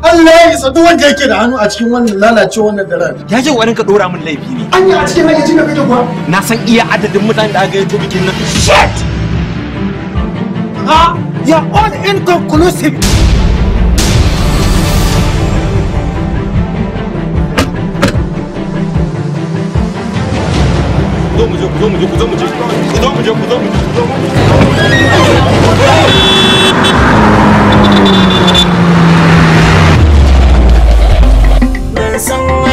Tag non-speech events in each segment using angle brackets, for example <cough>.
Allah ya isa duk wanda yake da hannu a cikin wannan lalacewa wannan daren. Ya je warin ka dora min laifi ne. Anya a cikin hayyacin da kake kuwa. Na san iya adadin mutanen da aka yi bikin nan. Shit! Ah, ya are all inconclusive. Zo mu je, zo mu je, zo mu je, zo mu je, zo mu je, zo mu je. 心。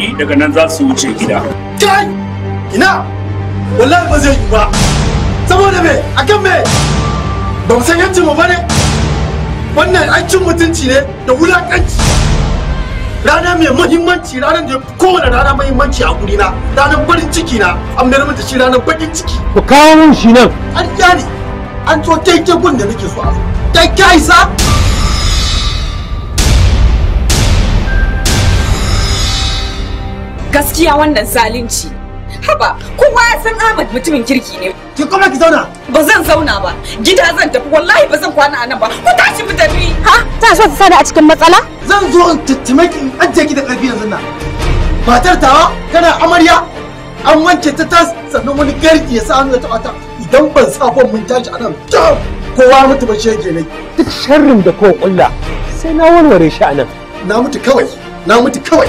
baƙi daga nan za su wuce gida. Kai! Ina! Wallahi ba zai yi ba. Saboda me? Akan me? Ba mu san yancin mu bane. Wannan an cin mutunci ne da wulaƙanci. Rana mai muhimmanci ranar da kowane rana muhimmanci a gurina ranar farin ciki na an mayar mata shi ranar bakin ciki. Ku kawo mun shi nan. An ne an so taitekun da nake so a zo. Kai kai sa! jiya wannan zalunci haba kowa ya san Ahmad mutumin kirki ne ki kuma ki zauna ba zan zauna ba gida zan tafi wallahi ba zan kwana a nan ba ku tashi mu tafi ha ta so ta sani a cikin matsala zan zo in tattime ki in ajiye ki da karfi yanzu nan matar tawa kana amarya an wanke ta tas sannan wani garki ya sa hannu ya taɓa ta idan ban sa ko mun tashi a nan kowa mutu ba shege ne duk sharrin da kowa kulla sai na warware shi a nan na mutu kawai na mutu kawai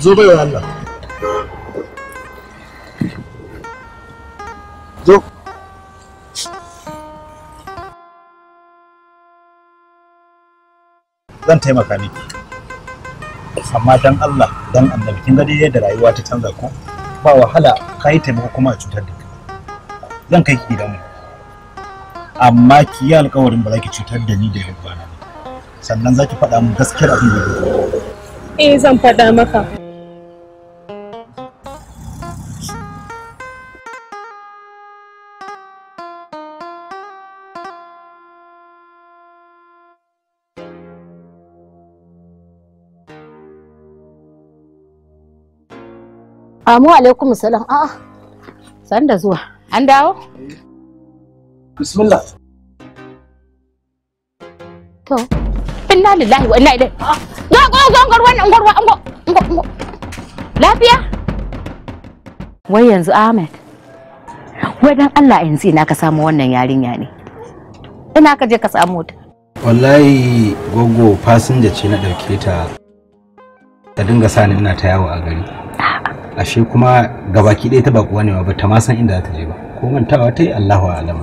zo baiwar Allah zo zan taimaka ne amma dan Allah dan annabi kin ga dai yadda rayuwa ta canza ko ba wahala ka yi taimako kuma a cutar da zan kai ki gidanmu amma ki yi alƙawarin ba za ki cutar da ni da yabba na sannan za ki faɗa min gaskiyar abin da eh zan faɗa maka Amu alaikum salam. A'a. San da zuwa. An dawo? Bismillah. To. Inna lillahi wa inna ilaihi. Ga go go go wannan ngorwa ngo ngo. Lafiya? Wai yanzu Ahmed. Wai dan Allah yanzu ina ka samu wannan yarinya ne. Ina ka je ka samu ta. Wallahi gogo fasinja ce na dauke ta. Ta dinga sani ina ta yawo a gari. ashe kuma gabaki ɗaya ta bakuwa ne ba ta ma san inda ta je ba ko mantawa ta yi Allahu alam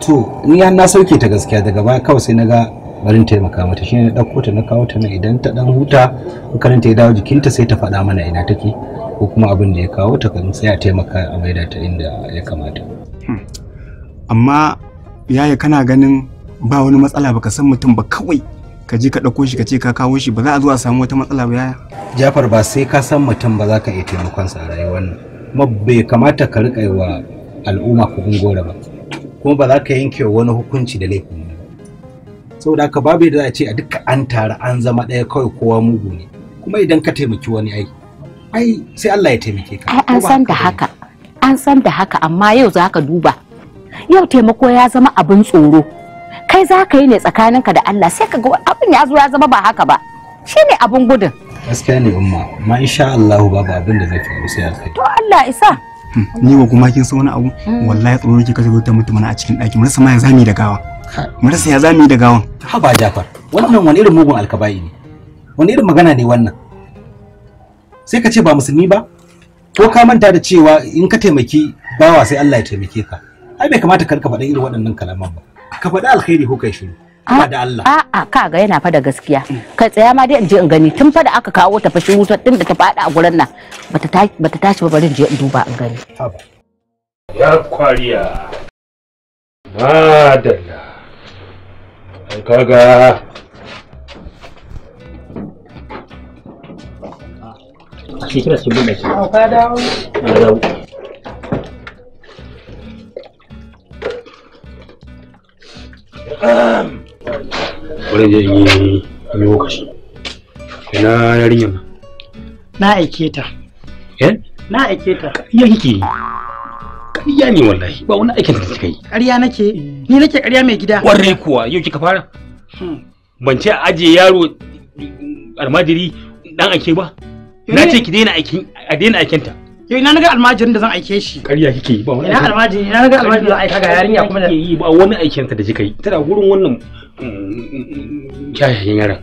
to ni na sauke ta gaskiya daga baya kawai sai na ga barin taimaka mata shine na ɗauko ta na kawo ta nan idan ta dan huta karanta ya dawo jikinta sai ta faɗa mana ina take ko kuma abin da ya kawo ta kan sai a taimaka a da ta inda ya kamata hmm. amma yaya kana ganin ba wani matsala baka san mutum ba kawai ka je ka ɗauko shi ka ce ka kawo shi ba za a zo a samu wata matsala ba yaya. Jafar ba sai ka san mutum ba za ka iya taimakon sa a rayuwar nan. Kuma bai kamata ka riƙa wa al'umma kuɗin gora ba. Kuma ba za ka yanke wani hukunci da laifin ba. Saboda haka babu yadda za a ce a duka an tare an zama ɗaya kawai kowa mugu ne. Kuma idan ka taimaki wani ai. Ai sai Allah ya taimake ka. Ai an san da haka. An san da haka amma yau za ka duba. Yau taimako ya zama abin tsoro. kai za ka yi ne tsakaninka da Allah sai ka ga abin ya zo ya zama ba haka ba shine abin gudun gaskiya ne umma ma insha Allah babu abin da zai faru sai alkai to Allah isa hmm. ni ba kuma kin san wani abu hmm. wallahi tsoro yake kace zo ta mutum na a cikin daki mun rasa ma ya zami da gawa mun rasa ya zami da gawan haba Jafar wannan wani irin mugun alkabai ne wani irin magana ne wannan sai ka ce ba musulmi ba ko ka manta da cewa in ka taimaki bawa sai Allah ya taimake ka ai bai kamata ka rika faɗa irin waɗannan kalaman ba ka faɗi alkhairi ko kai shiru da Allah a'a kaga yana fa da gaskiya kai tsaya ma dai in je in gani tun fa da aka kawo ta fashin wutar din da ta faɗa a gurin nan bata tashi ba bari in je in duba in gani ya kwariya madalla ai kaga a shekara sun bude shi ka dawo Bari je in yi lokaci. Ina yarinyar nan? Na aike ta. Eh? Na aike ta. Ƙarya kike yi. Ƙarya ne wallahi ba wani aikin da kika yi. Ƙarya nake. Ni nake ƙarya mai gida. Ƙwarai kuwa yau kika fara. Hmm. Ban ce aje yaro almajiri dan ake ba. Na eh. ce ki daina aikin a daina aikinta. yo ina naga almajirin da zan aike shi ƙarya kike yi ba wani ina almajirin ina naga almajirin da zan aika ga yarinya kuma da yi ba wani aikin ta da kika yi tana gurin wannan kyayyen mm, mm, mm, yaran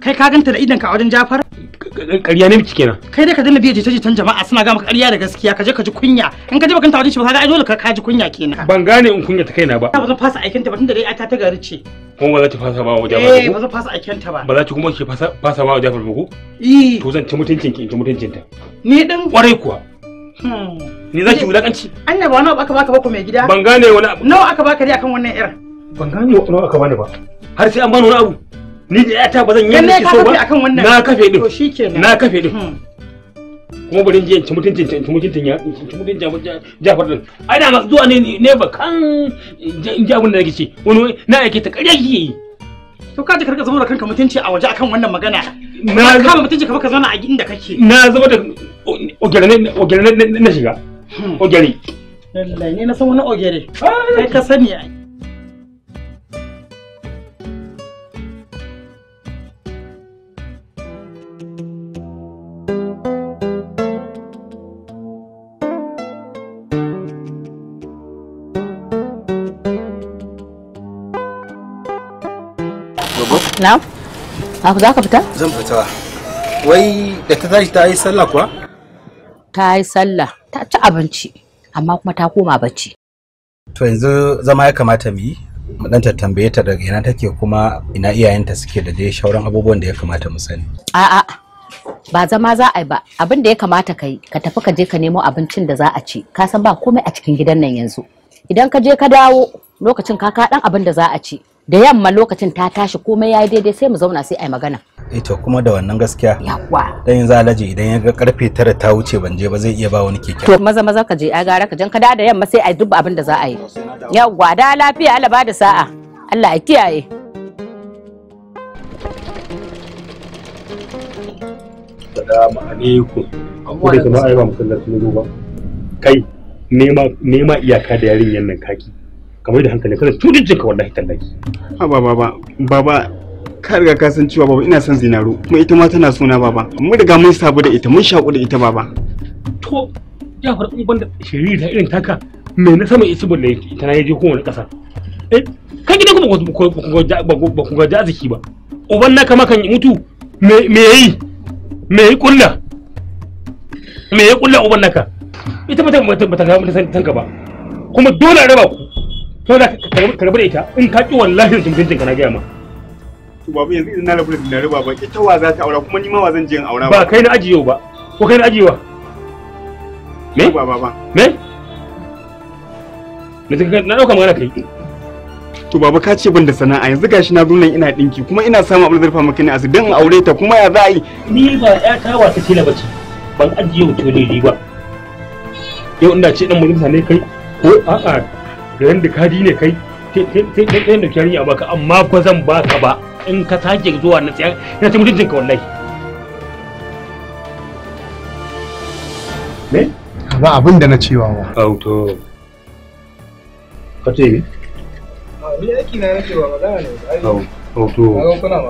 kai ka ganta da idan ka wajen Jafar ƙarya ne miki kenan kai dai ka danna biye jita jitan jama'a suna ga maka ƙarya da gaskiya ka je ka ji kunya in ka je bakanta wajen shi ba ka ga ai dole ka ji kunya kenan ban gane in kunya ta kaina ba ba zan fasa aikin ta ba tunda dai ai ta ta gari ce kuma ba za ki fasa ba wa Jafar eh ba zan fasa aikin ta ba ba za ki kuma ki fasa fasa ba wa Jafar ba ko eh to zan ci mutuncin ki in ci mutuncin ta ni dan kwarai kuwa Ni zaki wuda kanci. Annabi wa nawa aka baka ba ko mai gida? Ban gane wani abu. Nawa aka baka dai akan wannan irin? Ban gane wani nawa aka bani ba. Har sai an bani wani abu. Ni da ƴata ba zan yi miki so ba. Na kafe din. To shikenan. Na kafe din. Hmm. Kuma bari je ci mutuncin ci mutuncin ya ci mutuncin Jafar din. Ai da masu zuwa ne ne ba kan in ji abin da nake ce. Wani na yake ta ƙarya kike yi. to ka ji karka zama da kanka mutunci a waje akan wannan magana na kama mutunci ka baka zauna a inda kake na zama da ogere na shiga hmm. ogere lallai ne na san wani ogere kai ah! ka sani ai Abu za ka fita? Zan fita. Wai da ta tashi ta yi sallah kuwa? Ta yi sallah, ta ci abinci, amma kuma ta koma bacci. To yanzu zama ya kamata mu yi, mu dan tambaye ta daga ina take kuma ina iyayenta suke da dai shauran abubuwan da ya kamata mu sani. A'a, ba zama za a yi ba, abin da ya kamata ka yi, ka tafi ka je ka nemo abincin da za a ci, ka san ba komai a cikin gidan nan yanzu. Idan ka je ka dawo lokacin ka ka dan abin da za a ci, da yamma lokacin ta tashi komai yayi daidai sai mu zauna sai ai magana eh to kuma da wannan gaskiya yawa dan yanzu alaji idan ya ga karfe tara ta wuce ban je ba zai iya ba wani keke to maza maza ka je a gara ka jan ka da da yamma sai ai duk abin da za a yi yawa da lafiya Allah ba da sa'a Allah ya kiyaye Assalamu alaikum. Akwai da kuma ba mu kallon ba. Kai nema nema iyaka da yarinyan nan kaki. kamar da hankali kada cututtuka wallahi tallahi ha baba baba ka riga ka san cewa baba ina son zinaro kuma ita ma tana suna baba mun riga mun sabu da ita mun shaku da ita baba to ya far farko banda shiri da irin taka me na sama isu bulle ita na yaje kowane kasa eh ka gida kuma ba ku ga jaziki ba uban naka makan mutu me me yi me yi kullu me yi kullu uban naka ita ba ta ba ta ba kuma dole a raba ku to da ka rabu da ita in ka ki wallahi jin ka na gaya ma to babu yanzu idan na rabu da dinare baba ita wa za ta aura kuma ni ma wa zan je in aura ba Ba kai na ajiyo ba ko kai na ajiyewa me ba ba me na ɗauka magana kai to baba ka ce ban da sana'a yanzu gashi na zo ina dinki kuma ina samun abin zurfa maka ne asu in aure ta kuma ya za a yi ni ba ya ta wata ce bace ban ajiye wuce ne ba yau ina ce dan mulkin ne kai ko a'a da kadi ne kai sai ɗayan da kyarinya baka amma ko zan baka ba in ka sake zuwa na tsaye ina ta mutuncinka wallahi me ba abin da na cewa ba auto ka ce ah, ni aiki na nake ba magana ne auto na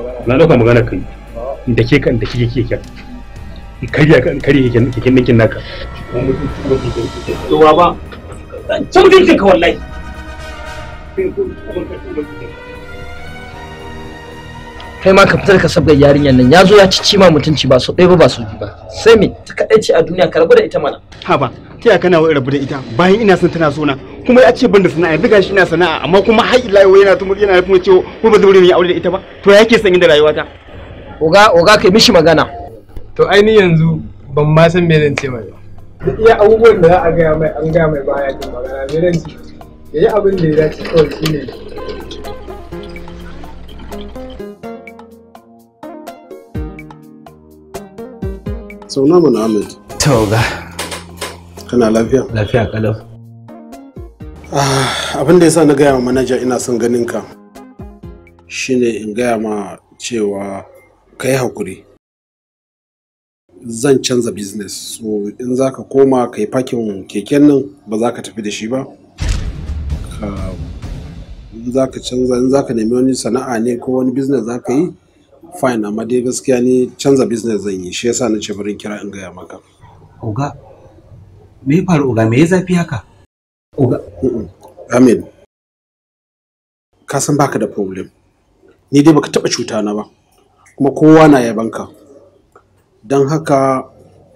magana kai ah. da ke kan da kike kike kariya kan kariya kike kike ninkin naka ba ba can mutuncinka wallahi kai ma ka fitar ka sabga yarinyar nan ya zo ya ci cima mutunci ba so ɗaya ba ba so ba sai me ta kaɗai ce a duniya ka rabu da ita mana ha ba ta ya kana rabu da ita bayan ina son tana sona kuma ya ce ban da sana'a yanzu gashi ina sana'a amma kuma har ila yau yana tumur yana nufin cewa ko ba ne ya aure da ita ba to ya ke sanye da rayuwata oga oga kai mishi magana to ainihin yanzu ban ma san me zan ce mai da iya abubuwan da za a gaya mai an gaya mai baya jin magana me zan ce ya yi abin da ya dace kawai shi ne sau na mana amint tauga kana lafiya lafiya kalau ah, abin da ya sa na gaya wa manaja ina son ganin ka shine in gaya ma cewa ka yi haƙuri zan canza business so in za ka koma ka yi fakin keken nan ba za ka tafi da shi ba ka za ka canza in za ka nemi wani sana'a ne ko wani business za ka yi fine amma dai gaskiya ni canza business zan yi shi yasa na ce bari kira in gaya maka oga me ya faru oga me ya zafi haka oga amin ka san baka da problem ni dai baka taba cuta na ba kuma kowa na ka. don haka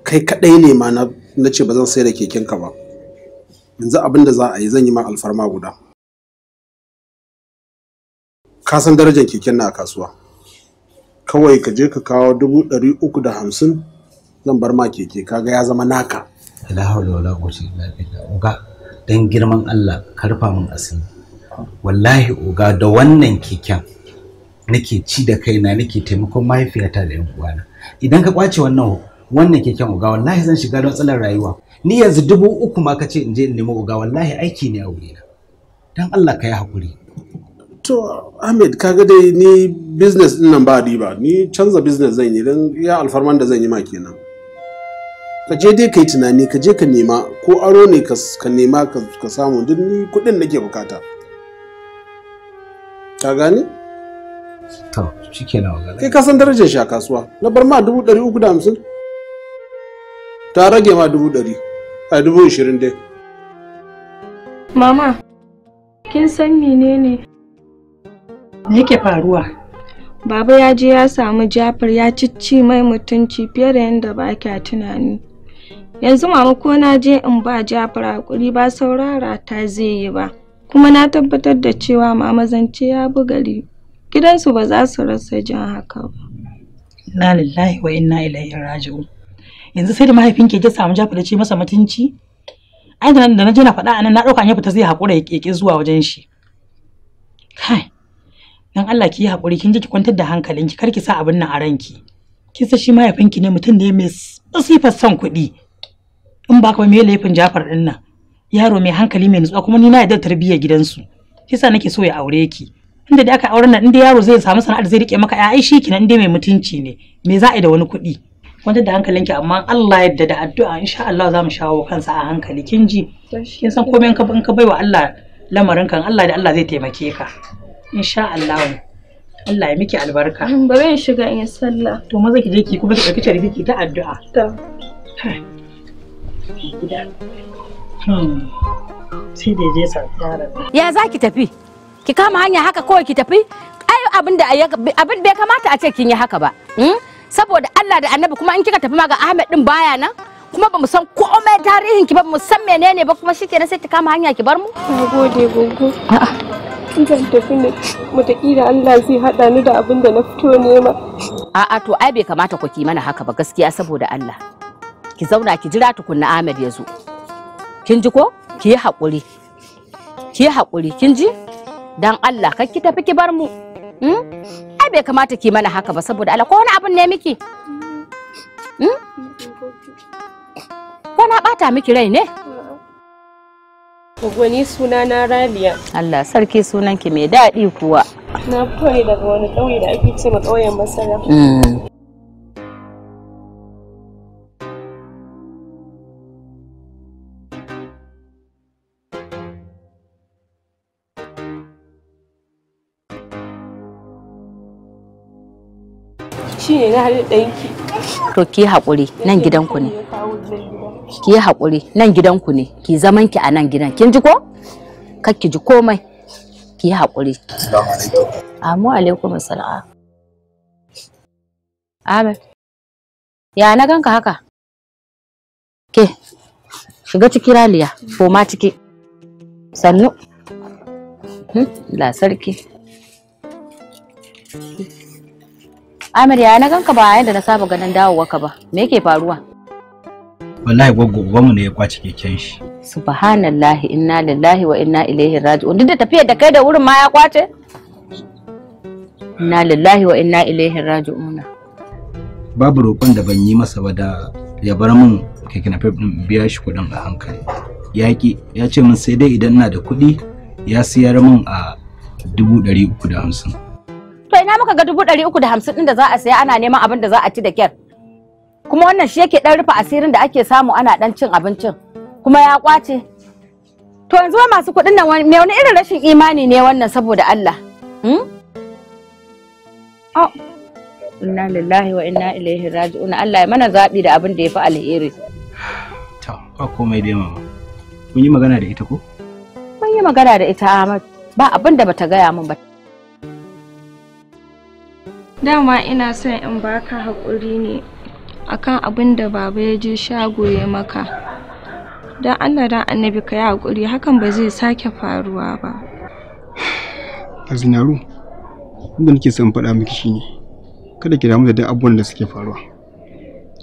kai kadai ne ma na ce ba zan sai da kekenka ba yanzu abin da za a yi zan yi ma alfarma guda ka san darajar keken na a kasuwa kawai ka je ka kawo dubu ɗari uku da hamsin zan bar ma keke kaga ya zama naka la haula wala quwwata illa billah uga dan girman Allah karfa mun asiri wallahi uga da wannan keken nake ci da kaina nake taimakon mahaifiyata da yan uwana idan ka kwace wannan wannan keken uga wallahi zan shiga don tsalar rayuwa ni yanzu dubu uku ma ka ce in je in nemo ga? wallahi aiki ne a wurina dan Allah ka yi hakuri to Ahmed kaga dai ni business din nan ba ba ni canza business zan yi dan ya alfarman da zan yi ma kenan ka je dai ka yi tunani ka je ka nema ko aro ne ka nema ka samu duk ni kuɗin nake bukata ka gane to shikenan kai ka san darajar shi a kasuwa na bar ma dubu ɗari uku da hamsin ta rage ma dubu ɗari a dubu ishirin dai. Mama, kin san menene? Me yake faruwa? Baba ya je ya samu Jafar ya cici mai mutunci fiye da yadda ba kya tunani. Yanzu mama ko na je in ba Jafar hakuri ba saurara ta zai yi ba. Kuma na tabbatar da cewa mama zance ya gari. Gidansu ba za su rasa jin haka ba. Inna lillahi wa inna ilaihi raji'un. yanzu sai da mahaifin ke samu jafa da ce masa mutunci ai da na je na faɗa anan na ɗauka ya fita zai haƙura ya ƙeƙe zuwa wajen shi kai dan Allah ki yi haƙuri kin ji ki kwantar da hankalinki kar ki sa abin nan a ranki kin san shi mahaifinki ne mutum ne mai sifar son kuɗi in ba ka mai laifin Jafar din nan yaro mai hankali mai nutsuwa kuma ni na yarda tarbiyyar gidansu kisa nake so ya aure ki inda da aka auren nan inda yaro zai samu sana'ar zai rike maka ya ai shi kinan inda mai mutunci ne me za a yi da wani kuɗi wanda da hankalinki amma Allah yadda da addu'a insha Allah za mu shawo kansa a hankali kin ji kin san komai ka in ka baiwa Allah lamarin kan Allah da Allah zai taimake ka insha Allah Allah ya miki albarka bari in shiga in sallah to maza ki je ki kuma ki dauki tarihi ki ta addu'a to hmm. sai da je sa ya za ki tafi ki kama hanya haka kawai ki tafi ai abin da abin bai kamata a ce kin yi haka ba hmm? saboda Allah da annabi kuma in kika tafi ma ga Ahmed din baya nan kuma bamu san komai tarihin ki ba mu san menene ba kuma shikenan sai ta kama hanya ki bar mu nagode gogo a'a in zan tafi ne mu kira Allah zai hada ni da abin da na fito nema a'a to ai bai kamata ku ki mana haka ba gaskiya saboda Allah ki zauna ki jira tukunna Ahmed ya zo kin ji ko ki yi hakuri ki yi hakuri kin ji dan Allah kar ki tafi ki bar mu hmm? bai kamata ki mana haka ba saboda Allah ko wani abun ne miki hmm? ko na bata miki rai ne Gwani suna na Rabia. Allah sarki sunanki mai daɗi kuwa. Na fito daga wani ƙauye da ake ce ma ƙauyen Masara. Hmm. to ki haƙuri nan gidanku ne ki haƙuri nan gidanku ne ki zaman ki a nan gidan kin ji ko kar ki ji komai ki haƙuri assalamu alaikum Assalamu alaikum assalam ya na ganka haka ke shiga ciki raliya ko ma ciki sannu hmm, la sarki Amir ya na ganka ba yanda na saba ganin dawowa ka ba. Me yake faruwa? Wallahi gwaggo ubanmu ne ya kwace keken shi. Subhanallahi inna lillahi wa inna ilaihi raji'un. Duk da tafiyar da kai da wurin ma ya kwace? Inna lillahi wa inna ilaihi raji'un. Babu roƙon da ban yi masa ba da ya bar min keke na biya shi kuɗin a hankali. Yaƙi ya ce min sai dai idan ina da kuɗi ya siyar min a dubu ɗari uku da hamsin. to ina muka ga dubu ɗari uku da hamsin ɗin da za a saya ana neman abin da za a ci da kyar kuma wannan shi yake ɗan rufe asirin da ake samu ana ɗan cin abincin kuma ya kwace to yanzu masu kuɗin nan me wani irin rashin imani ne wannan saboda Allah hmm? ah, inna lillahi wa inna ilaihi raji'un Allah ya mana zabi da abin da yafi alheri to ba komai dai mama kun yi magana da ita ko kun yi magana da ita Ahmad ba abin da bata gaya min ba dama ina son in baka haƙuri ne akan abin da baba ya je shago ya maka don allah don annabi ka yi haƙuri hakan ba zai sake faruwa ba a zinaru inda nake son faɗa miki shine kada ki damu da duk abubuwan da suke faruwa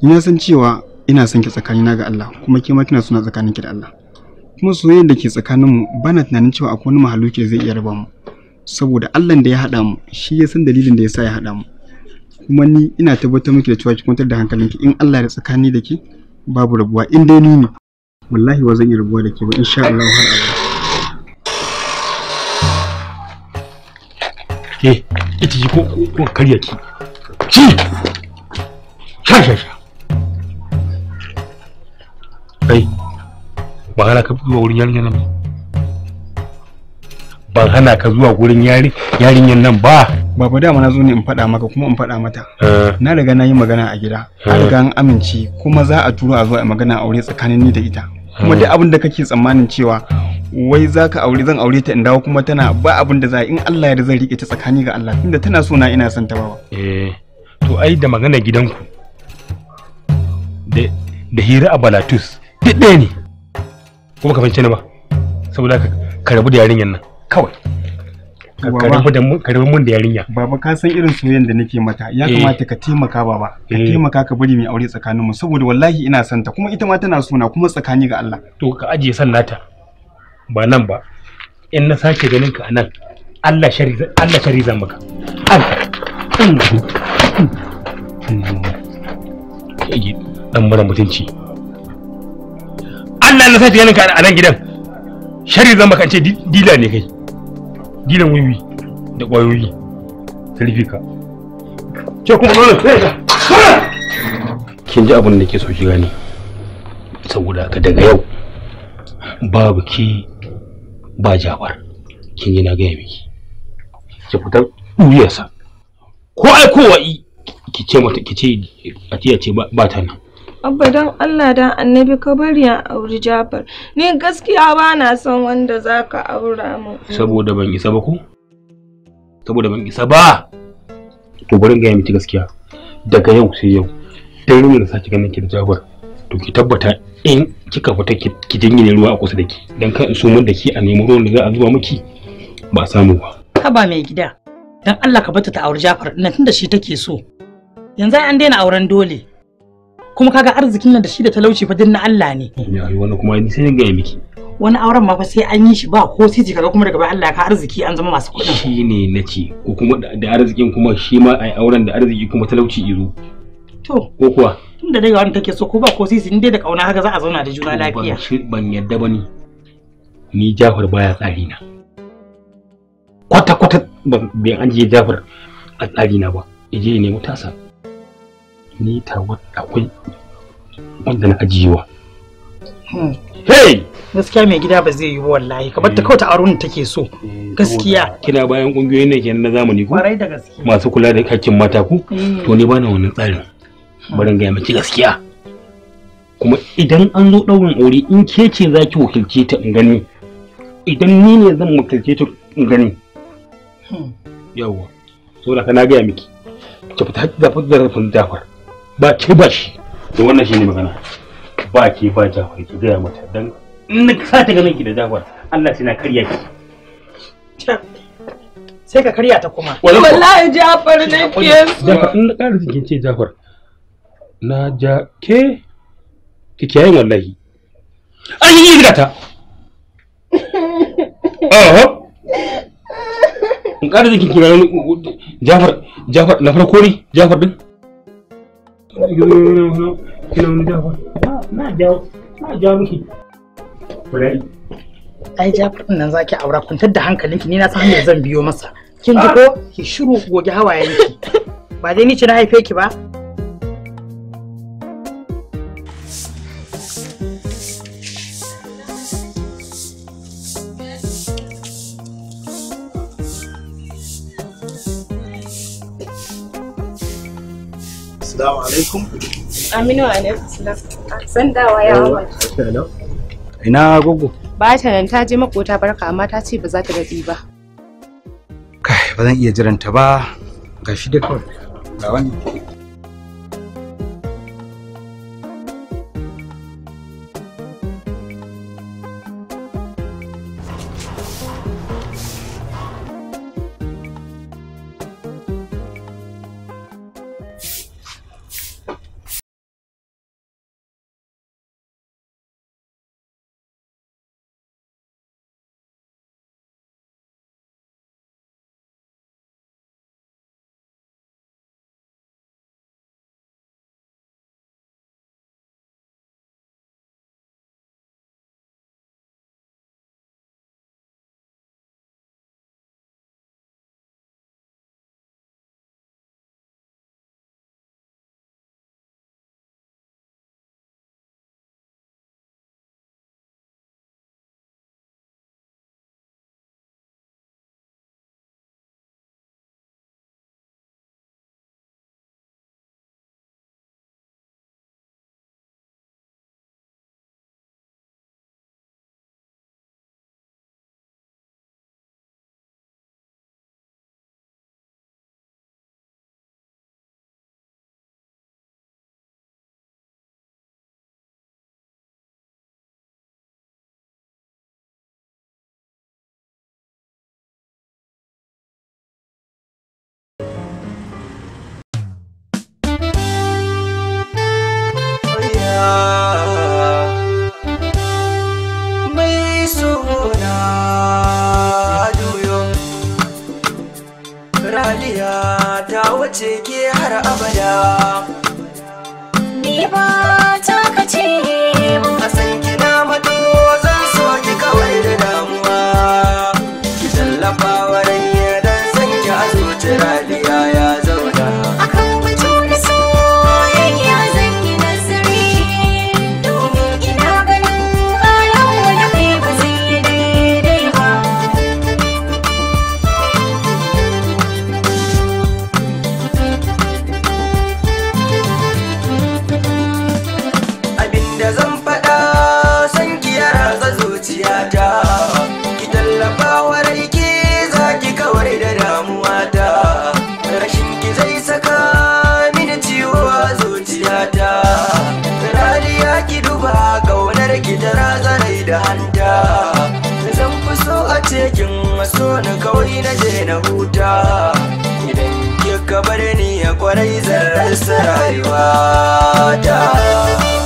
ina san cewa ina son ki tsakanina ga allah kuma ke ma kina suna ki da allah kuma soyayyar da ke tsakaninmu bana tunanin cewa akwai wani mahaluki da zai iya raba mu saboda allahn da ya haɗa mu shi ya san dalilin da ya sa ya haɗa mu kuma ni ina tabbatar miki da cewa ki kwantar da hankalinki in Allah ya tsakani da ke babu rabuwa in dai ni ne wallahi ba zan yi rabuwa da ke ba insha Allah har abada ke ita ko karya ki sha kai ba ka fi wa wurin yarinya nan ba ban hana ka zuwa gurin yari nan ba baba dama na zo ne in faɗa maka kuma in faɗa mata eh. na riga na yi magana a gida an eh. riga an amince kuma za a turo a zuwa magana aure tsakanin ni da ita kuma eh. duk abin da kake tsammanin cewa wai za ka aure zan aure ta in dawo kuma tana ba abin da za in Allah ya zan rike ta tsakani ga Allah tunda tana so na ina son ta bawa eh to ai da magana gidanku da da hira a balatus duk ɗaya ne kuma ka fahimci ni ba saboda ka karabu da yarinyar nan kawai karamin mun da yarinya baba ka san irin soyayyen da nake mata ya kamata ka taimaka baba ka taimaka ka bari mai aure tsakanin mu saboda wallahi ina son ta kuma ita ma tana so na kuma tsakani ga Allah to ka ajiye san nata ba nan ba in na sake ganin ka anan Allah shari Allah shari zan maka Allah dan mara mutunci Allah na sake ganin ka anan gidan shari zan makance dila ne kai dilan wuyi da ƙwayoyi sarfi ka ce kuma nono kin ji abin da ke so ki gani saboda ka daga yau babu ki ba jabar kin yi na gaya miki ki fitar sa. ko aikowa ki ce mata ki ce a ce ba ta nan abba don Allah dan annabi ka bari a auri Jafar ni gaskiya ba na son wanda zaka aura mu. saboda ban isa ba ko saboda ban isa ba to bari ga miki gaskiya daga yau sai yau dan rumin da sake ganin ki da Jafar to ki tabbata in kika fita ki ne ruwa a kusa da ki dan kan so mun da ki a nemi ruwan da za a zuba miki ba samu ba haba mai gida dan Allah ka bata ta auri Jafar ina tunda shi take so yanzu an daina auren dole kuma kaga arzikin nan da shi da talauci fa din na Allah ne ya wani kuma ni sai ga miki wani auren ma fa sai an yi shi ba ko ji kaga kuma daga Allah ka arziki an zama masu ne na nace ko kuma da arzikin kuma shi ma ai auren da arziki kuma talauci iru. to ko kuwa tunda daga wani kake so ko ba ko sai ni dai da kauna haka za a zauna da juna lafiya ban yadda bane ni Jafar baya tsari na kwata kwata ban an je Jafar a tsari na ba ije ne mutasa ni tawa akwai wanda na ajiyewa hey gaskiya mai gida ba zai yi ba wallahi kamar ta kawai ta aron take so gaskiya kina bayan kungiyoyin ne kenan na zamani ko kwarai da gaskiya masu kula da hakkin mata ku? to ni bana wannan tsarin bari ga miki gaskiya kuma idan an zo daurin aure in ke ce za ki wakilce ta in gani idan ni ne zan wakilce ta in gani yawwa saboda kana ga miki ki fita da fadar fadar ba ke ba shi da wannan shine magana ba ke ba jafar ki gaya mata dan in ka sa ta ganin ki da jafar Allah sai na karya ki sai ka karya ta kuma wallahi jafar ne ke so jafar in da rufe kin ce jafar na ja ke ki kiyaye wallahi an yi ta oho in ka rufe kin kira jafar jafar na farko ne jafar din na jawo na ai nan zaki aura kuntar da hankalinki ni na san hanyar zan biyo masa kin ji ko ki shiru goge hawayenki ba dai ni ci na haife ki ba Assalamu alaikum. Aminu alaikum salam. San dawa ya Ina gogo. Ba ta nan ta je makota barka amma ta ce ba za ta daɗi ba. Kai ba zan iya jiranta ba. Gashi Ga wani. dakin so ni kawai na je na huta idan kika bar ni ya kwarai zarar rayuwa ta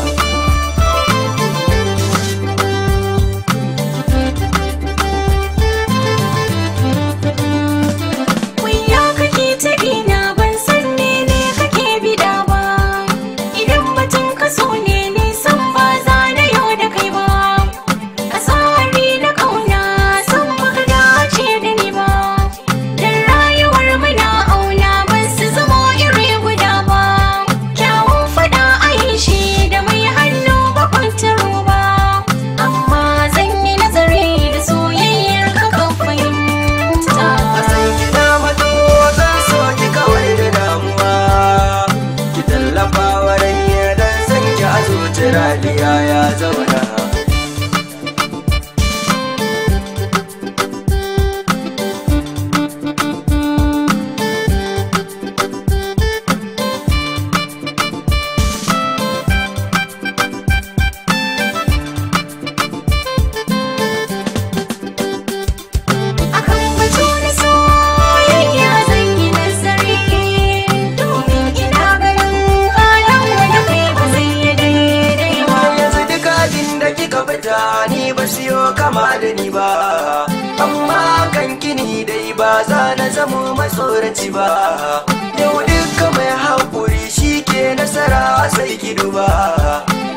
sai ki duba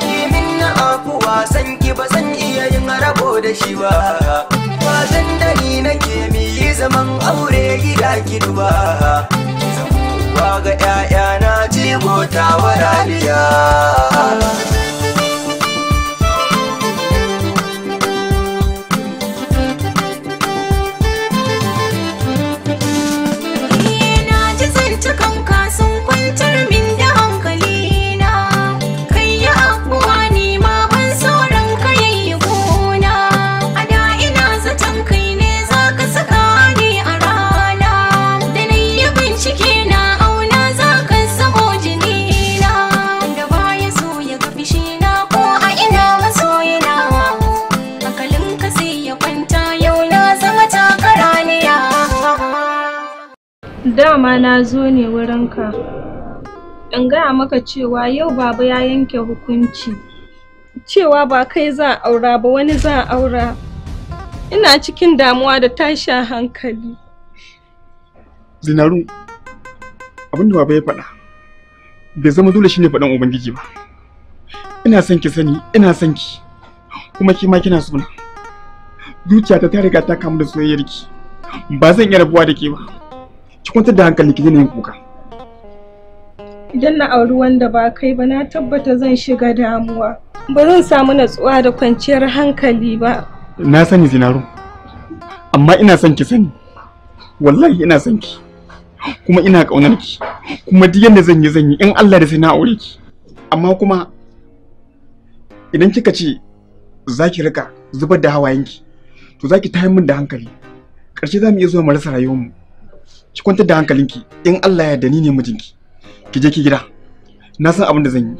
kimin na akuwa san ki ba zan iya yin rabo da shi ba wasan da ni nake mi yi zaman aure gida ki duba ki ga 'ya'yana jigo ta warariya Dama na zo ne wurinka. In gaya maka cewa yau baba ya yanke hukunci. Cewa ba kai za a aura ba wani za a aura. Ina cikin damuwa da tashin hankali. Zinaru, abin da baba ya faɗa, bai zama dole shine faɗan Ubangiji ba. Ina son ki sani, ina son ki, kuma ki ma kina suna. Zuciyata ta riga ta kamu da soyayyarki. Ba zan iya rabuwa da ke ba. ki kwantar da hankali ki yin kuka idan na auri wanda ba kai ba na tabbata zan shiga damuwa ba zan samu natsuwa da kwanciyar hankali ba na sani zinaro amma ina son ki sani wallahi ina son ki kuma ina kaunar ki kuma duk yanda zan yi zan yi in Allah da sai na aure ki amma kuma idan kika ce za ki rika zubar da hawayenki to za ki tayar min da hankali ƙarshe za mu iya zuwa mu rasa rayuwarmu ki kwantar da hankalinki in Allah ya dani ne mijinki ki je ki gida na san abin da zan yi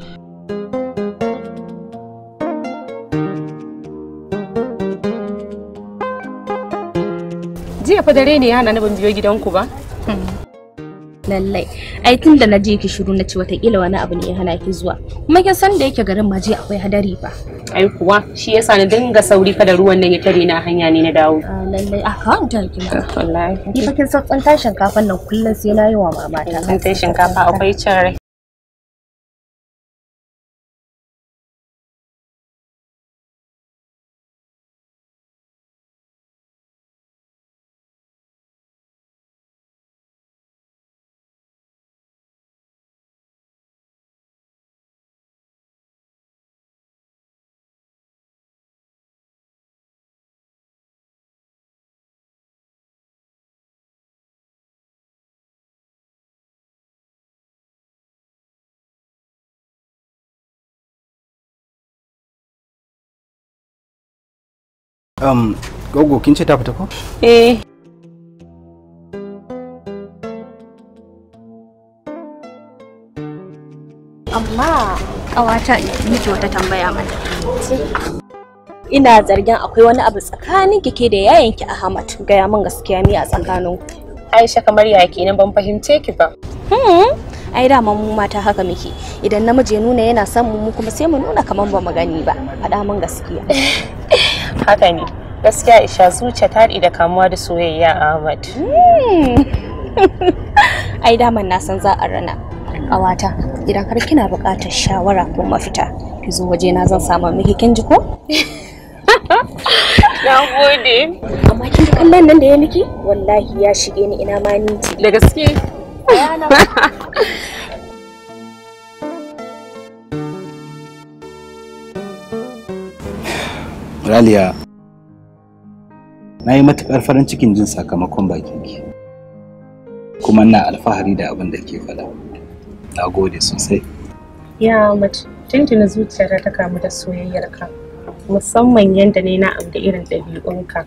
jiya fa dare ne ya hana na ban biyo gidanku ba hmm. lallai ai tun da na je ki shiru na ci watakila wani abu ne ya hana ki zuwa kuma kin san da yake garin maji akwai hadari fa ai kuwa shi yasa na dinga sauri kada ruwan nan ya tare na hanya ne na dawo ah, lallai a ah, ka ta ki wallahi ni fa kin san tsantan shinkafan nan kullun sai na yi wa mama ta tsantan shinkafa akwai cin um, gogo kin ce ta fita ko eh amma kawata miki wata tambaya mata ina zargin akwai wani abu tsakanin kike da ki Ahmad gaya min gaskiya ni a tsakanin Aisha kamar ya kenan ban fahimce ki ba hmm ai da mu mata haka muke idan namiji ya nuna yana son mu kuma sai mu nuna kamar ba mu gani ba faɗa min gaskiya <laughs> haka ne gaskiya isha zuciya ta da kamuwa da soyayya ahmad hmm. <laughs> ai daman na san za a rana Kawata, idan har kina buƙatar shawara ko mafita ki zo waje na zan samu miki kin ji ko <laughs> na gode amma kin kallon nan da ya miki wallahi ya shige ni ina ma da gaske <laughs> Raliya, na yi matuƙar farin cikin jin sakamakon bakinki, kuma na alfahari da abin da ke faɗa. Na gode sosai. Ya mace, tuntuna zuciyar ta kamu da soyayyarka, musamman yadda ne na abu da irin ka,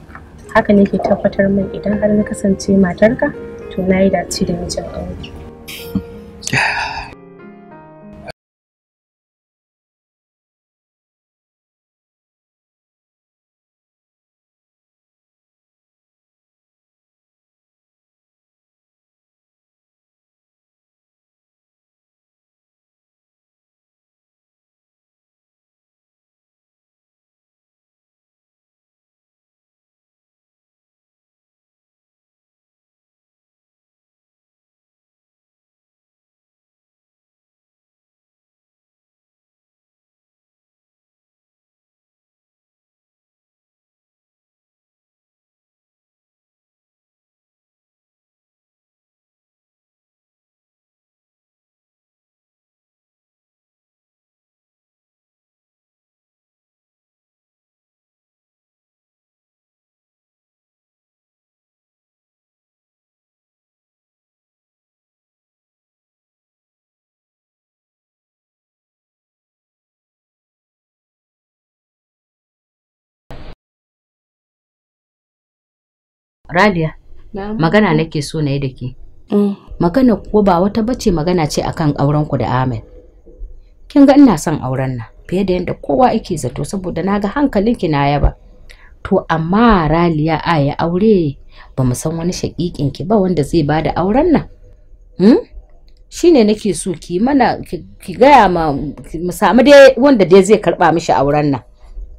Haka ne ke tabbatar min idan har na kasance matarka, to na yi dace da mijin aure. <laughs> Raliya, magana nake so na yi da ke. Mm. Magana kuwa ba wata bace magana ce akan auren ku da Ahmed. Kin ga ina son auren nan fiye da yadda kowa yake zato saboda na ga ki na yaba. To amma Raliya a ya aure ba mu san wani shaƙiƙin ki ba wanda zai ba da auren nan. Hmm? Shi ne nake so ki mana ki gaya ma mu samu dai wanda dai zai karɓa mishi auren nan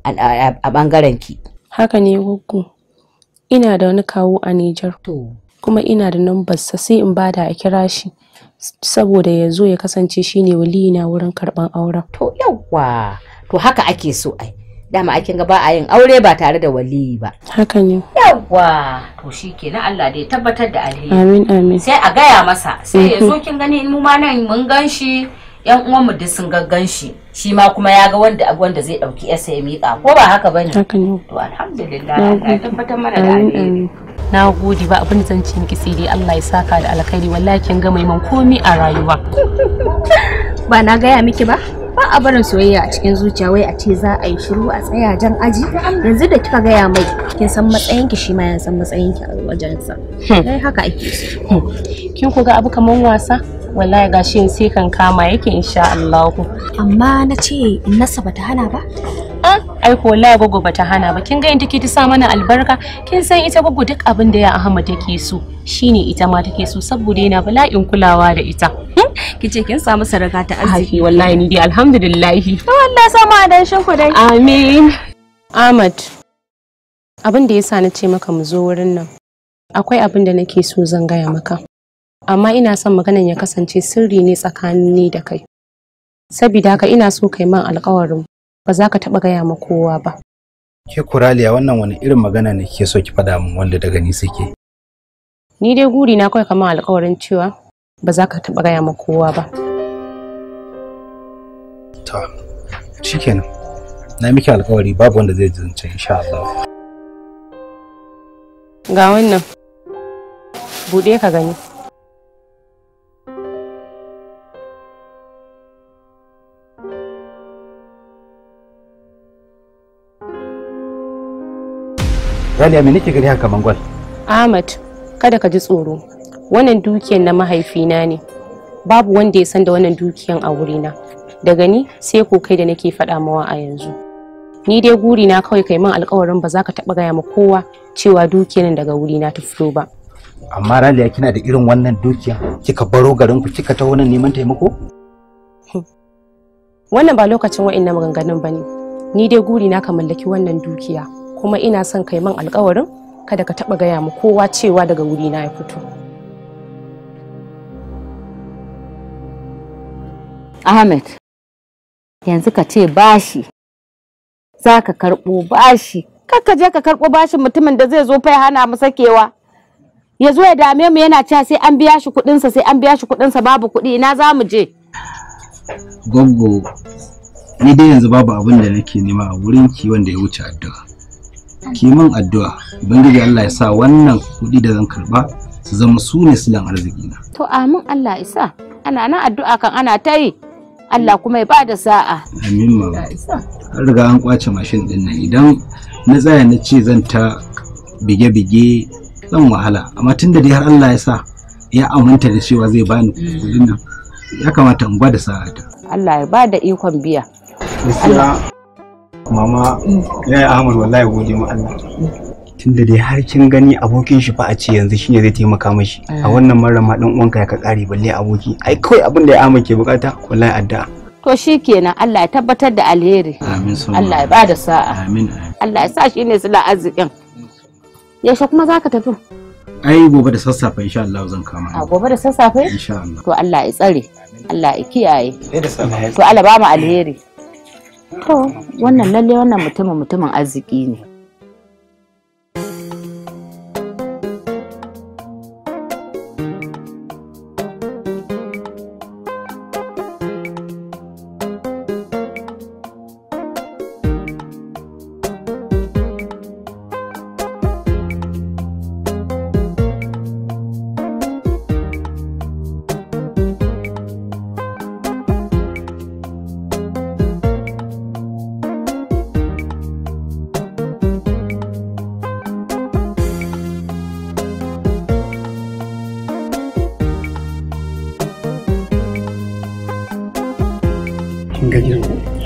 a ɓangaren ki. Haka ne gugu. ina da wani kawu a Nijar kuma ina da sa sai in bada a kira shi saboda ya zo ya kasance shine na wurin karban auren. To yawwa to haka ake so ai dama akin ga ba a yin aure ba tare da wali ba. Haka ne. Yawwa to shikenan Allah dai tabbatar da alheri. Amin amin. Sai a gaya masa sai ya mhm. zo kin gani mu ma nan mun gan shi yan uwan mu duk sun gaggan shi shi ma kuma ya ga wanda wanda zai dauki yasa ya miƙa ko ba haka bane haka ne to alhamdulillah na da gode ba abin zan ci miki sai dai Allah ya saka da alkhairi wallahi kin ga man komai a rayuwa <laughs> ba na gaya miki ba ba a barin soyayya a cikin zuciya wai a ce za a yi shiru a tsaya jan aji yanzu da kika gaya mai kin san matsayin ki shi ma ya san matsayin ki a wajen sa dai hmm. eh, haka ake so hmm. kin ku ga abu kaman wasa wallahi gashi in sai kan kama yake insha Allah amma na ce nasa bata hana ba ah, ai ko la gogo bata hana ba kin ga in take ta sa mana albarka kin san ita gogo duk abin da ya Ahmad take so shine ita ma take so saboda yana bala'in kulawa da ita hmm? kice kin samu sadaka ta arziki wallahi ni dai alhamdulillah alhamdulillahi Allah ya samu adanshin ku dai amin Ahmad abin da yasa na ce maka mu zo wurin nan akwai abin da nake so zan gaya maka amma ina son maganan ya kasance sirri ne tsakanin ni da kai sabida haka ina so kai man alƙawarin ba za ka taɓa gaya ma kowa ba ke kuraliya wannan wani irin magana ne ke so ki faɗa min wanda daga ni suke ni dai guri na kawai kamar alƙawarin cewa ba za ka taɓa gaya ma kowa ba ta shikenan na miki alkawari babu wanda zai zance insha Allah ga wannan bude ka gani Raliya me nake gani haka mangwal? Ahmad, kada ka ji tsoro. Wannan dukiyar na mahaifina ne. Babu wanda ya san da wannan dukiyar a wurina. daga ni sai ku kai da nake faɗa mawa a yanzu ni dai guri na kawai kai min alƙawarin ba za ka taɓa gaya ma kowa cewa dukiyar daga wuri na ta fito ba amma raliya kina da irin wannan dukiya kika baro garin ku kika taho nan neman taimako <laughs> wannan ba lokacin wa'annan maganganun bane ni dai guri na ka mallaki wannan dukiya kuma ina son kai min alƙawarin kada ka taɓa gaya ma kowa cewa daga wuri na ya fito Ahmed yanzu ka ce bashi za ka karɓo bashi ka je ka karɓo bashin mutumin da zai zo fa ya hana mu sakewa ya zo ya dame mu yana cewa sai an biya shi kuɗinsa sai an biya shi kuɗinsa babu kuɗi ina za mu je Goggo, ni dai yanzu babu abin da nake nema a wurin ki wanda ya wuce addu'a ki min addu'a ubangiji Allah ya sa wannan kuɗi da zan karɓa su zama su ne arziki na to amin Allah isa ana nan addu'a kan ana ta yi Allah kuma ya ba da sa'a. Amin mama. An riga an kwace mashin din nan idan na tsaya na ce zan ta bige-bige zan wahala amma tun da dai har Allah ya sa ya aminta da cewa zai bani kudin nan ya kamata in gwada ta. Allah ya ba da ikon biya. Gaskiya mama mm. ya Ahmad wallahi gode ma Allah. tunda dai har kin gani abokin shi fa a ce yanzu shine zai taimaka mashi a eh. wannan marama dan uwanka ya ka kare balle aboki ai kawai abin da ya ama ke bukata wallahi addu'a to shi kenan, Allah ya tabbatar da alheri amin Allah ya bada sa'a amin Allah ya sa shi ne sula arzikin yaushe kuma zaka tafi ai gobe da sassafe insha Allah zan kama a gobe da sassafe insha Allah to Allah ya tsare Allah ya kiyaye to Allah ba mu alheri to wannan lalle wannan mutumin mutumin arziki ne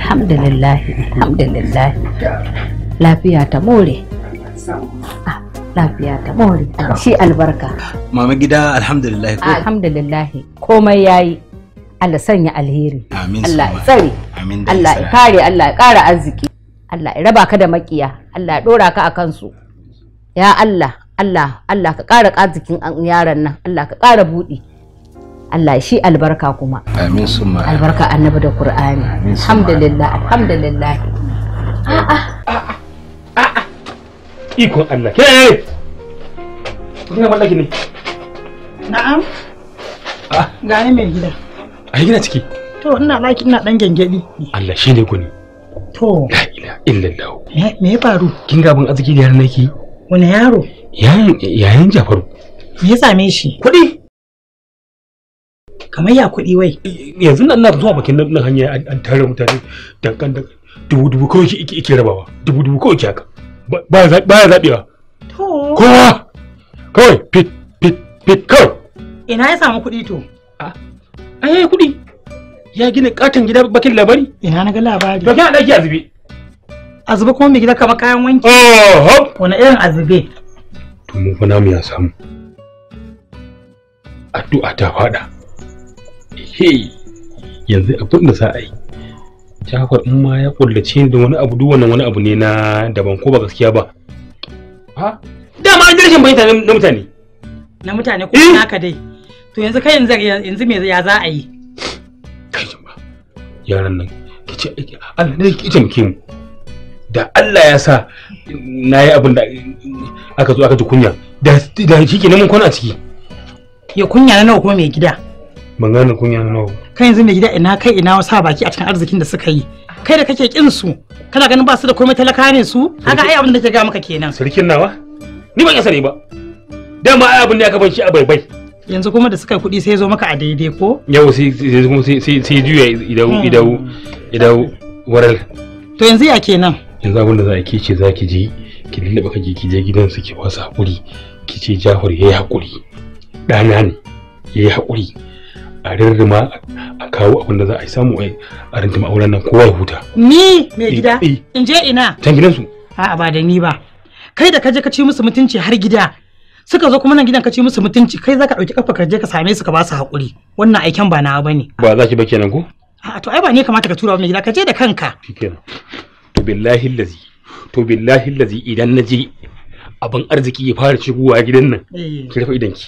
alhamdulillah alhamdulillah lafiya ta more ah, lafiya ta more shi albarka mama gida alhamdulillah ah, alhamdulillah komai yayi Allah sanya alheri Allah ya tsare Allah ya kare Allah ya kara arziki Allah ya raba ka da makiya Allah ya dora ka akan su ya Allah Allah Allah ka kara arzikin yaran nan Allah ka kara budi Allah shi albarka kuma amin summa albarka annabi da qur'ani alhamdulillah alhamdulillah a'a a'a ikon Allah ke kuna mallaki ne na'am ah. gani mai gida a gida ciki to ina laki ina dan gengedi Allah shi ne guni to la ilaha illallah me ya faru kin ga abin arziki da yar nake wani yaro yayin yayin Jafaru me ya same shi kuɗi kamar ya kuɗi wai eh, yanzu nan na zuwa bakin nan hanya an tare mutane dankan da dubu dubu kawai ki ike rabawa dubu dubu kawai ki haka ba ya to kowa kawai pit pit pit kawai ina ya samu kuɗi to a ah, ai kuɗi ya gina katon gida bakin labari ina na ga labari bakin a ɗaki a zube a kuma mai gida kamar kayan wanki wani irin a to mu fa namu ya samu addu'a ta faɗa ke yanzu abin da za a yi jafar in ma ya kullace da wani abu duk wannan wani abu ne na daban ko ba gaskiya ba ha dama an rashin fahimta na mutane na mutane ko naka eh? dai to yanzu kai yanzu yanzu me ya za a yi kai yaran nan kace Allah ne ki taimake mu da Allah ya sa na yi abin da aka zo aka ji kunya da shi ke mun kwana ciki ya kunya na nawa kuma mai gida ban gane kunya na nawa kai yanzu mai gida ina kai ina wasa baki a cikin arzikin da suka yi kai da kake kin su kana ganin ba su da komai talaka ne su haka ai abin da ke ga maka kenan sarkin nawa ni ban sani ba ma ai abin da ya ban shi a baibai yanzu kuma da suka kuɗi sai zo maka a daidai ko yau sai sai kuma sai juya idau hmm. idau idau waral to yanzu ya kenan yanzu abin da za ki ce za ki je ki lullaba je ki je gidansu ki wasa hakuri ki ce Jafar yayi hakuri ɗana ne yayi hakuri a rirrima a kawo abin da za a samu eh, a rintima auren nan kowa ya huta. Ni mai eh, gida eh. in je ina. Can gidansu. A'a ba da ni ba. Kai da kaje ka ci musu mutunci har gida. Suka zo kuma nan gidan ka ci musu mutunci kai za ka ɗauki kafa ka je ka same su ka ba su haƙuri. Wannan aiken ba nawa bane. Ba za ki ba kenan ko? A'a to ai ba ne kamata ka tura mai gida ka je da kanka. Kenan. To billahi lazi. To billahi lazi idan na je abin arziki ya fara shigowa gidan nan. Ki rufe idan ki.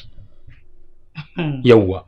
Yawwa.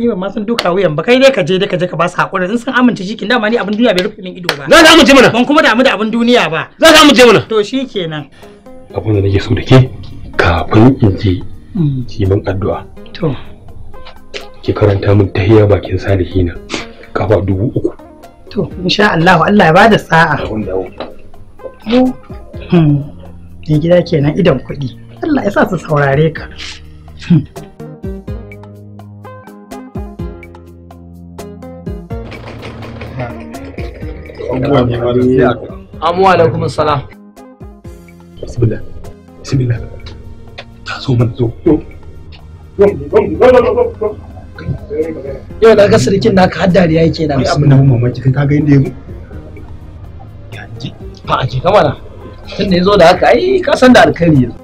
ni ba ma san duka wuyan ba kai dai ka je dai ka je ka ba su hakuri in sun amince shi dama ni abin duniya bai rufe min ido ba za ka amince mana ban kuma damu da abin duniya ba za ka amince mana to shikenan abin da nake so da ke kafin in je hmm. ki min addu'a to ki karanta min tahiyya bakin na kafa dubu uku to insha Allah Allah ya bada sa'a ne hmm. gida kenan idan kuɗi Allah ya sa su saurare ka hmm. Amu alaikum salam. Bismillah. Bismillah. Ta zo mana zo. Yau da kasar kin naka har dariya yake na. Abin da mun mamaki kai kaga inda yazo. Yanzu fa ake yazo da haka ai ka san da alkhairi yanzu.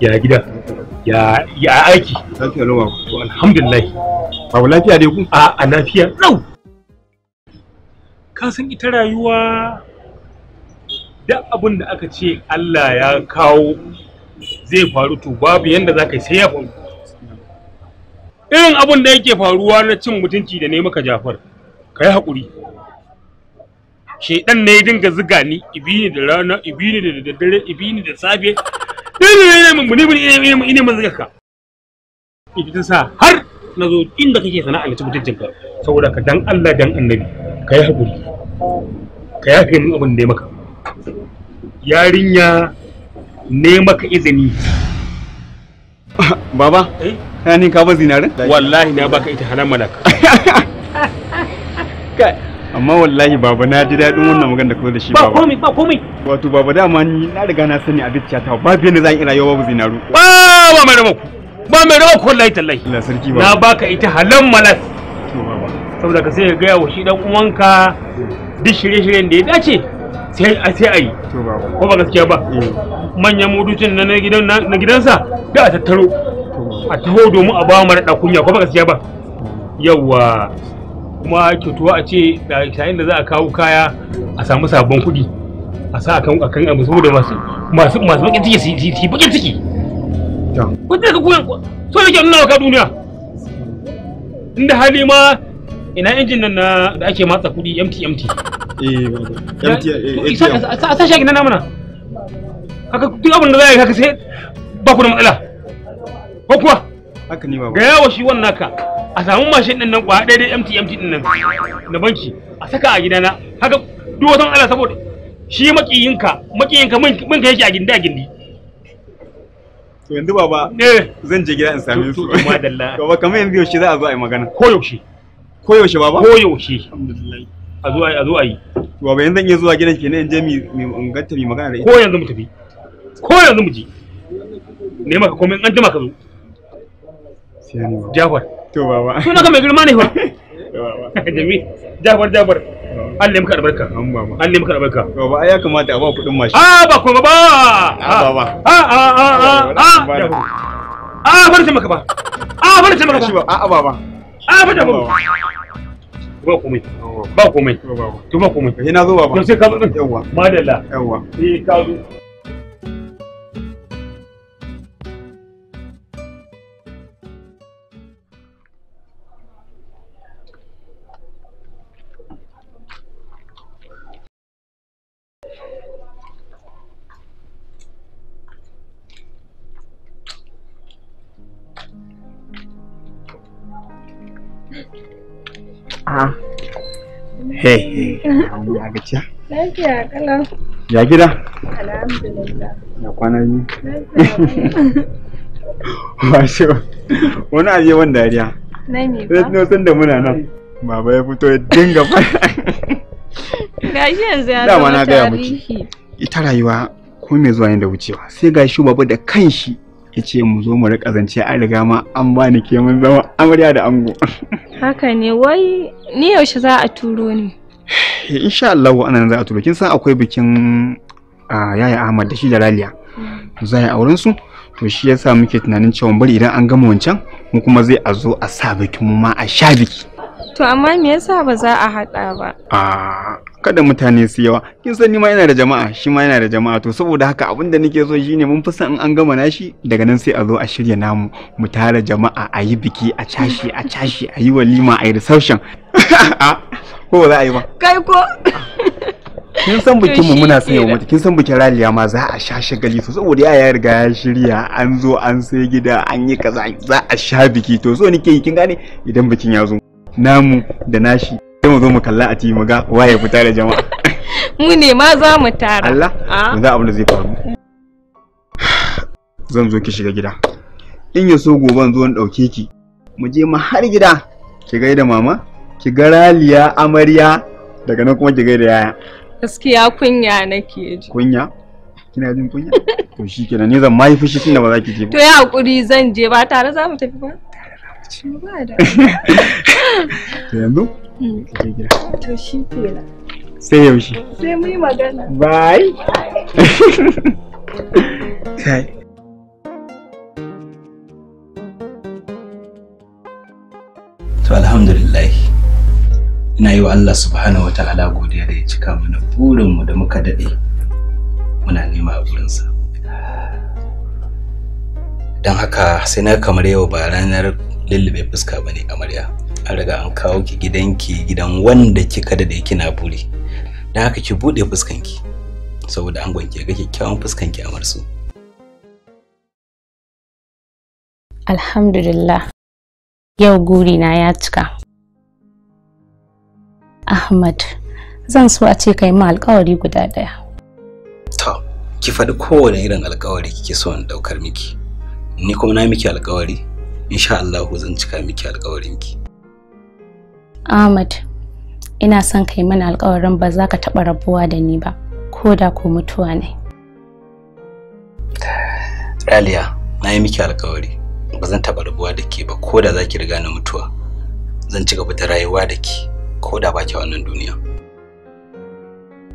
ya gida ya aiki lafiya lawa to alhamdulillah babu lafiya dai ku a a lafiya rau ka san ita rayuwa duk abin da aka ce Allah ya kawo zai faru to babu yanda za ka sai ya faru irin abin da yake faruwa na cin mutunci da ne maka jafar kai hakuri. shedan ne ya dinga ziga ni ibi ni da rana ibi ni da daddare ibi ni da safe ne ne ne mun ziga ka ta sa har na zo inda kake sana'a na ci mutuncin ka saboda ka dan Allah dan annabi ka yi haƙuri ka yafe min abin da ya maka yarinya ne maka izini <laughs> baba eh? ka ni ka ba zinarin wallahi na baka ita halan malaka <laughs> amma wallahi baba na ji daɗin wannan magana da kuma da shi ba komai ba komai wato baba dama ni na riga na sani a zuciya ba babu ne zan yi rayuwa babu zinaru ba ba mai rabo ba mai rabo ku wallahi tallahi Allah sarki ba na baka ita halan malas to baba saboda ka sai ga yawo shi dan uwanka duk shirye-shiryen da ya dace sai a sai a yi to baba ko ba gaskiya ba eh. manyan muducin na gidan na gidansa da a tattaro a taho domin a ba mu raɗa kunya ko ba gaskiya ba mm. yawwa kuma kyautuwa a ce da yayin da za a kawo kaya a samu sabon kuɗi a sa a kan abu saboda masu masu masu bakin ciki su yi bakin ciki ko da kuwa so yake nuna ka duniya inda hali ma ina injin nan na da ake matsa kuɗi MT MT eh, eh a sa shagin nan mana haka duk abin da za a yi haka sai ba ku da matsala ko kuwa haka ne ga yawo shi wannan ka a samu mashin din nan kwa ɗaya dai MT MT din nan na banki a saka a gidana haka duk wasan Allah saboda shi makiyinka makiyinka mun ka yake a gindi a gindi to yanzu baba eh. zan je gida in same su <laughs> baba kamar yanzu yaushe za a zo a yi magana ko yaushe ko yaushe baba ko yaushe alhamdulillah a zo a zo a yi to baba yanzu zan iya zuwa gidan kenan in je mi ungatta mi magana da ita ko yanzu mu tafi ko yanzu mu je ne maka komai an jima ka zo Jafar to girma ne fa jabar jabar Allah maka albarka Allah maka albarka baba ai ya kamata a ba kuɗin mashi a ah, ba kuma ba a ah, ah, baba a a a a a a bar ta maka ba a bar ta maka ba a a baba a bar ta ba komai ba komai ba komai sai zo baba to sai ka madalla yawa sai ka zo Hey, hey. Ya gaciya? Lafiya Ya gida? Alhamdulillah. Ya kwana ni? <laughs> Masho. Wani aje wanda dariya. Nai ne ba. Sai san da muna nan. Baba ya fito ya dinga fara. <laughs> Gashi yanzu ya zama na gaya miki. Ita rayuwa ko me zuwa da wucewa sai gashi baba da kanshi ya ce mu zo mu riƙa zance an riga ma an bani ke mun zama amarya da ango. Haka ne wai ni yaushe za a turo ni insha Allah ana za a turo kin san akwai bikin yaya Ahmad da shi da Raliya hmm. za a auren su to shi yasa muke tunanin cewa bari idan an gama wancan mu kuma zai a zo a sa biki mu ma a sha biki to amma me yasa ba za a hada ba a kada mutane su yawa kin san ni ma yana da jama'a shi ma yana da jama'a to saboda haka abin da nake so shine mun fi in an gama nashi daga nan sai a zo a shirya namu mu tara jama'a a yi biki a cashe a cashe a yi walima a yi reception <laughs> ah, ko ba za a yi ba kai ko kin san bikin mu muna sanya mutu kin san bikin raliya ma za a sha shagali to saboda ya ya riga ya shirya an zo an sai gida an yi kaza za a sha biki to so nake kin gane idan bikin ya zo namu da nashi sai mu zo mu kalla a mu ga waye fita da jama'a <laughs> mu ne ma za mu tara Allah ah. mu za abin da zai faru zan zo ki shiga gida in ya so gobe zo in dauke ki mu je mu har gida ki gaida mama ki ga raliya amarya daga nan kuma ki gaida yaya gaskiya kunya nake ji kunya kina jin kunya to shikenan ne zan mai fushi tunda ba za ki je ba to ya hakuri zan je ba tare za mu tafi ba tare za mu ci ba da <laughs> to yanzu Mm. sai yaushe sai mu yi magana bye <laughs> to alhamdulillah ina yi wa Allah subhanahu wataala godiya da ya cika mana burinmu da muka daɗe muna nema a gurinsa don haka sai na kamar yau ba ranar lullube fuska ba ne amarya an riga an kawo ki gidanki gidan wanda kika da kina buri da haka ki buɗe fuskanki saboda an gwanke ga kyakkyawan fuskanki a marsu alhamdulillah yau gurina ya cika ahmad zan so a ce kai ma alkawari guda ɗaya to ki faɗi kowane irin alkawari kike so in ɗaukar miki ni kuma na miki alkawari insha Allah zan cika miki alkawarinki Ahmad, ina son kai mana alkawarin ba za ka taɓa rabuwa da ni ba, ko da ko mutuwa ne. Raliya, na yi miki alkawari, ba zan taɓa rabuwa da ke ba ko da za ki riga na mutuwa. Zan ci gaba da rayuwa da ke ko da ba ki wannan duniya.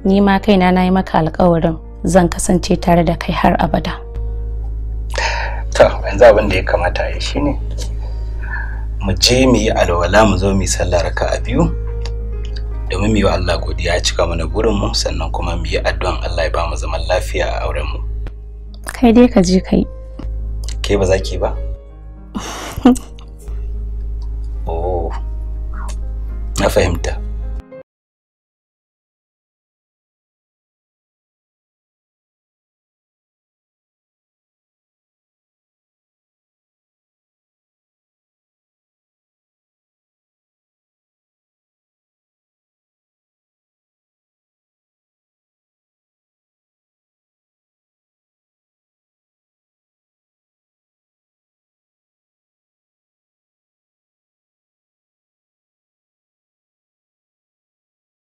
Ni ma kaina na yi maka alkawarin zan kasance tare da kai har abada. To, yanzu abin da ya kamata ya shi ne. mu je mu yi alwala mu zo mu sallah a biyu domin mu yi wa Allah godiya a cika mana burin mu sannan kuma mu yi addu'an Allah ya ba mu zaman lafiya a auren mu kai dai ka je kai ke ba za ki ba <laughs> oh na fahimta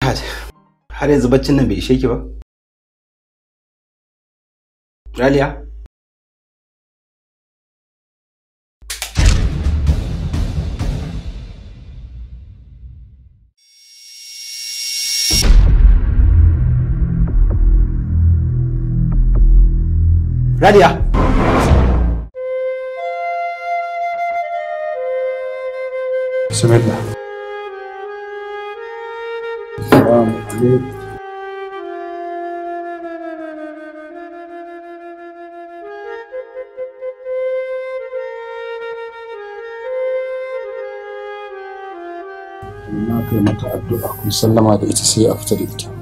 Fahad, har yanzu baccin nan bai ishe ki ba? Raliya? Radiya! Sumaila. Assalamu alaikum. na kai mata addu'a kuma sallama da ita sai a fita da ita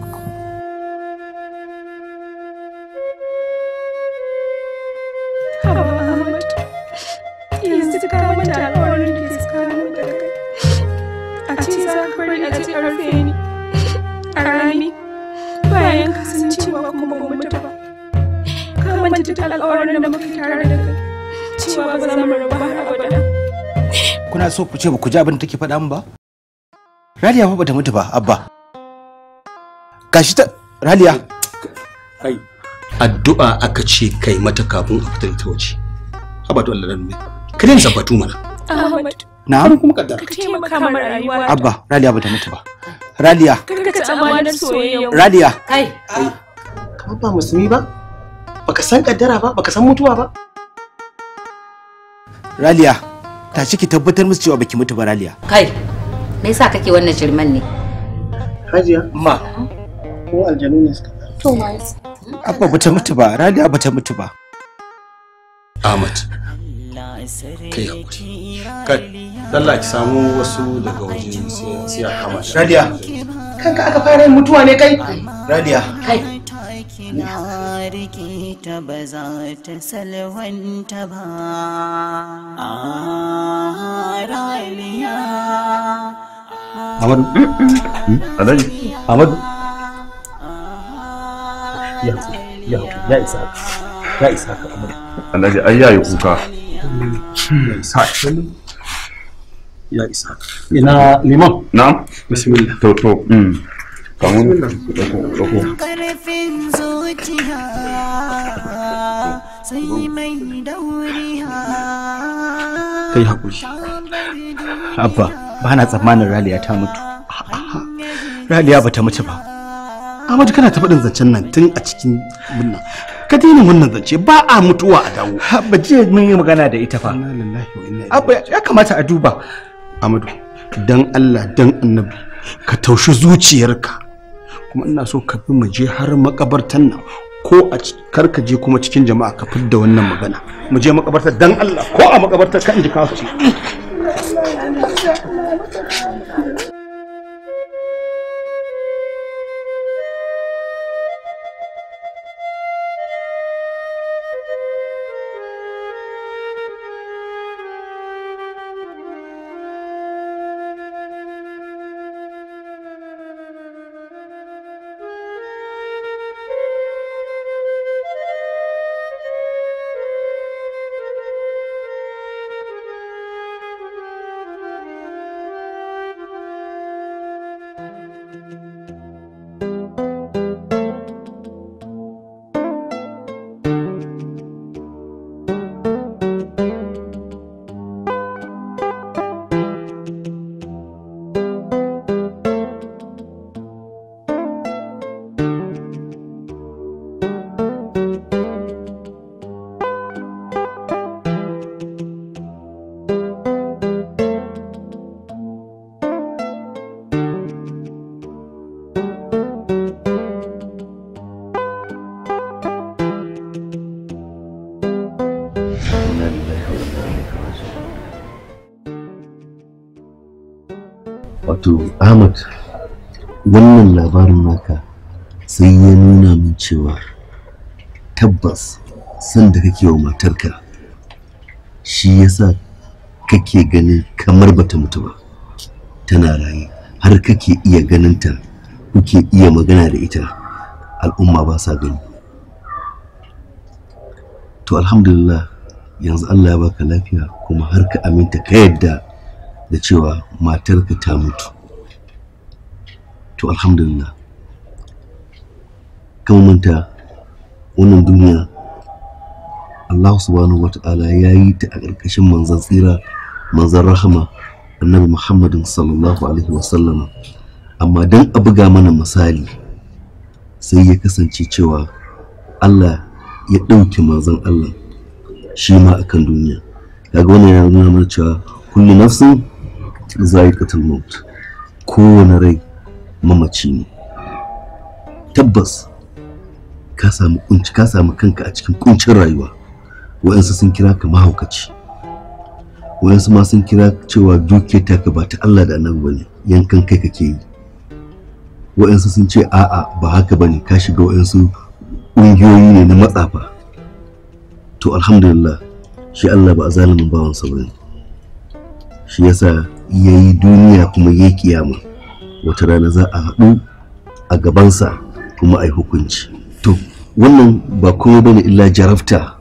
san cewa kuma ba mutu ba ka manta ta alƙawarin da muka tare da kai cewa ba za mu rabu har abada kuna so ku ce ba ku ji abin da take faɗa min ba Raliya fa bata mutu ba abba gashi ta Raliya kai addu'a aka ce kai mata kafin a fitar ta waje Habatu Allah dan mai kirin zabatu mana Ahmad na'am kuma kaddara ka taimaka mana rayuwa abba Raliya bata mutu ba Radiya. Karka tsamanin soyayya. Radiya. Kai. Kamar ba musulmi ba? Baka san kaddara ba, baka san mutuwa ba. Raliya, tashi ki tabbatar musu cewa baki mutu ba Raliya. Kai. Me yasa kake wannan shirman ne? Hajiya. Ma. Ko aljanu ne suka. To ma. Abba bata mutu ba, Raliya bata mutu ba. Ahmad. Kai. Kai. dalla ki samu wasu daga waje sai ya kama shi radiya kanka aka fara mutuwa ne kai radiya kai na ya isa ba za ta salwanta ba a raliya Amadu, Alhaji, Amadu, ya ya ya isa ya isa ka Amadu. Alhaji ai kuka. Hmm. ya isa ina limon na bismillah to to mm. kamun dako karfin zuciya sai mai kai hakuri abba ba na tsammanin raliya ta mutu raliya ba ta mutu ba Amadu kana ta faɗin zancen nan tun a cikin munna ka daina wannan zance ba a mutuwa a dawo abba jiya mun yi magana da ita fa abba ya kamata a duba amadu dan allah dan annabi ka taushi zuciyarka kuma ina so ka bi mu je har makabartan nan ko a karka je kuma cikin jama'a ka da wannan magana mu je makabartar dan allah ko a makabartar ka inji ka ce tabbas san da kake wa matarka shi yasa kake ganin kamar bata mutu ba tana raye har kake iya ganinta kuke iya magana da ita al'umma ba sa gani to alhamdulillah yanzu Allah ya baka lafiya kuma har ka aminta ka yadda da cewa matarka ta mutu to alhamdulillah kan manta wannan duniya Allah subhanahu wa ta'ala ya yi ta a ƙarƙashin manzan tsira manzan rahama annabi Muhammadin sallallahu alaihi wasallama amma don a buga mana misali sai ya kasance cewa Allah ya ɗauke manzan Allah shi ma akan duniya kaga wannan yana nuna mana cewa kullu nafsin za'iqatul maut kowane rai mamaci ne tabbas ka samu kunci ka samu kanka a cikin kuncin rayuwa wayansu sun kira ka mahaukaci wayansu ma sun kira cewa dukiyar taka ba ta Allah da annabi bane yankan kai kake yi wayansu sun ce a'a ba haka bane ka shiga wayansu ƙungiyoyi ne na matsafa to alhamdulillah shi Allah ba zalimin bawan sa bane shi yasa yayi duniya kuma yayi kiyama wata rana za a haɗu a gabansa kuma ai hukunci to wannan ba komai bane illa jarafta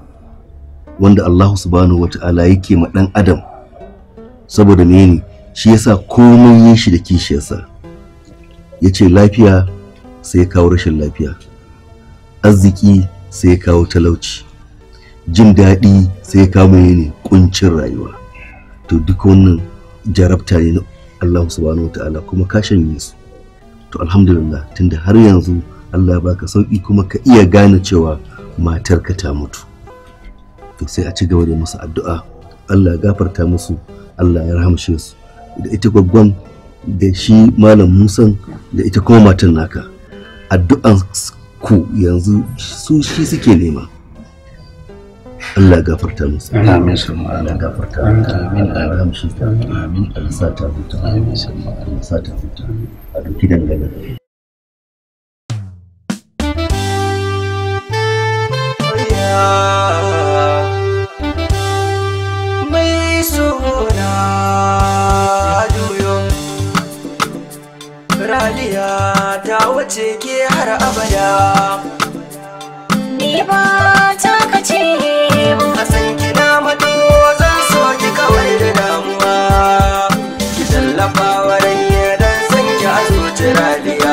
wanda Allah subhanahu wata'ala yake ma dan adam saboda menene shi yasa komai yin shi da kishiyarsa ya ce lafiya sai ya kawo rashin lafiya arziki sai ya kawo talauci jin daɗi sai ya kawo menene kuncin rayuwa to duk wannan jarabta ne na Allah subhanahu wata'ala kuma kashin shanye to alhamdulillah tunda har yanzu Allah baka sauki kuma ka iya gane cewa matarka ta mutu to sai a ci gaba da musu addu'a Allah ya gafarta musu Allah ya rahamshe su da ita gwaggon da shi malam musan da ita kuma matan naka addu'an ku yanzu su shi suke nema Allah gafarta musu amin Allah gafarta amin Allah rahamshe amin Allah sa ta huta amin Allah sa ta huta a duki dangane mai suna aduyon raliya ta ke har abada ni ba ta kace kasan kina mato zan so ki kawai da damuwa ki tallafa wa rai dan san ki raliya